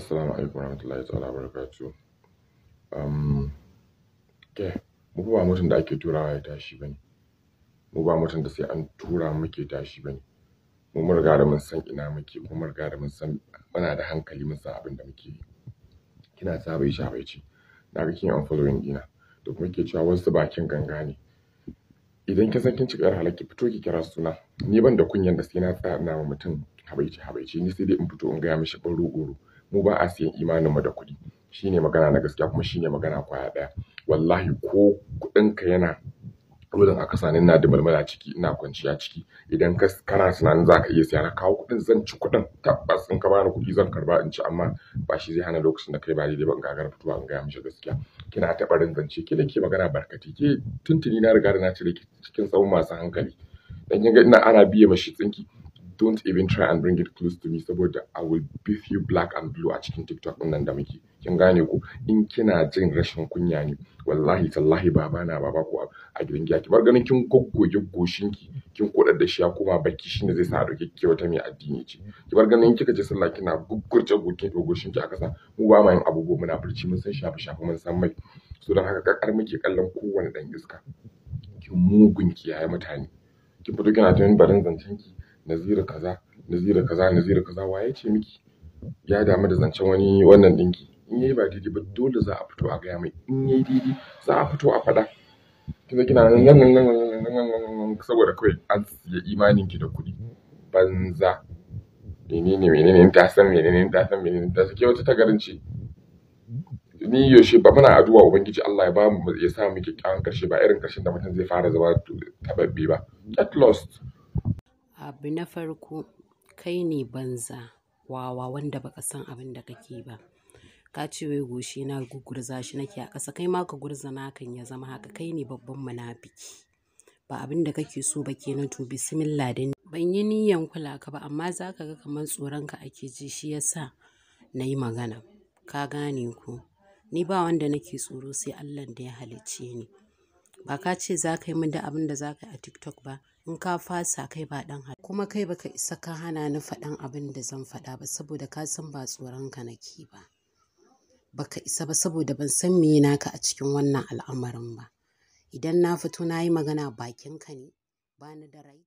Assalamu alaikum warahmatullahi ta'ala barakatuhu. Um, ke, mu ba mutum da ake turawa ya tashi bane. Mu ba mutum da sai an tura muke tashi bane. Mu mun riga da mun san ina muke, mu mun riga da mun san muna da hankali mun san abin da muke yi. Kina bai sha bai ce. Na ga kin unfollowing dina. Da kuma ke cewa wasu bakin ganga ne. Idan kin san kin ci ƙarar halakki fito ki kira suna. Ni ban da kunyan da sai na tsaya ina ma mutum habaici habaici ni sai dai in fito in gaya mishi ban roƙo mu ba a siyan imanin mu da kuɗi shine magana na gaskiya kuma shine magana kwaya ɗaya wallahi ko kuɗinka yana dole a kasa na da malmala ciki ina kwanciya ciki idan ka kana tunanin za ka iya siya na kawo kuɗin zan ci kuɗin tabbas in ka bani kuɗi zan karba in ci amma ba shi zai hana lokacin da kai ba daidai ba in gagara fitowa in gaya mishi gaskiya kina ta barin zance ke ke magana barkati ke tuntuni na riga da na cire cikin tsawon masu hankali dan kin ga ina ana biye mashi tsinki don't even try and bring it close to me saboda I will beat you black and blue a cikin TikTok din nan da muke. Kin gane ku in kina jin rashin kunya ne wallahi tallahi baba na baba ko a gidan giya ki bar ganin kin goggoge goshin ki kin kodar da shi ya koma baki shine zai sa a dauke ki wata mai addini ce. Ki bar ganin kika ji sallah kina gugurce gokin goshin ki a kasa mu ba ma yin abubuwa muna furci mun san shafe shafe mun san mai. So don haka kakar muke kallon kowane dan iska. Kin mugun kiyaye mutane. Kin fito kina tunanin barin zancen ki naziru kaza naziru kaza naziru kaza waye ce miki ya damu da zancen wani wannan dinki in yayi ba daidai ba dole za a fito a gaya mai in yayi daidai za a fito a faɗa kina kina nan nan nan nan, nan, nan, nan, saboda kawai an siya imanin ki da kuɗi banza menene menene ta san menene ta san menene ta sake wata tagarin ce ni yaushe ba muna addu'a ubangiji Allah ya ba mu ya sa mu kyakkyawan karshe ba irin karshen da mutum zai fara zama tababbe ba get lost Abu na farko kai ne banza wawa wanda baka san abin da kake ba. Ka ce wai goshi na gurza shi nake a ƙasa, kai ma ka gurza kan ya zama haka. Kai ne babban munafiki. Ba abin da kake so ba kenan to bismillah din Ban yi niyyan kula ka ba amma za ka ga kamar tsoron ka ake ji shi yasa sa na yi magana. Ka gane ku. Ni ba wanda nake tsoro sai allah da ya halicce ni. Ba ka ce za ka yi min da abin da za ka yi a TikTok ba. in ka fasa kai ba dan hal kuma kai baka isa ka hana ni faɗan abin da zan faɗa ba saboda ka san ba tsoron ka nake ba baka isa ba saboda ban san me naka a cikin wannan al'amarin ba idan na fito na yi magana bakin ka ne ba ni da right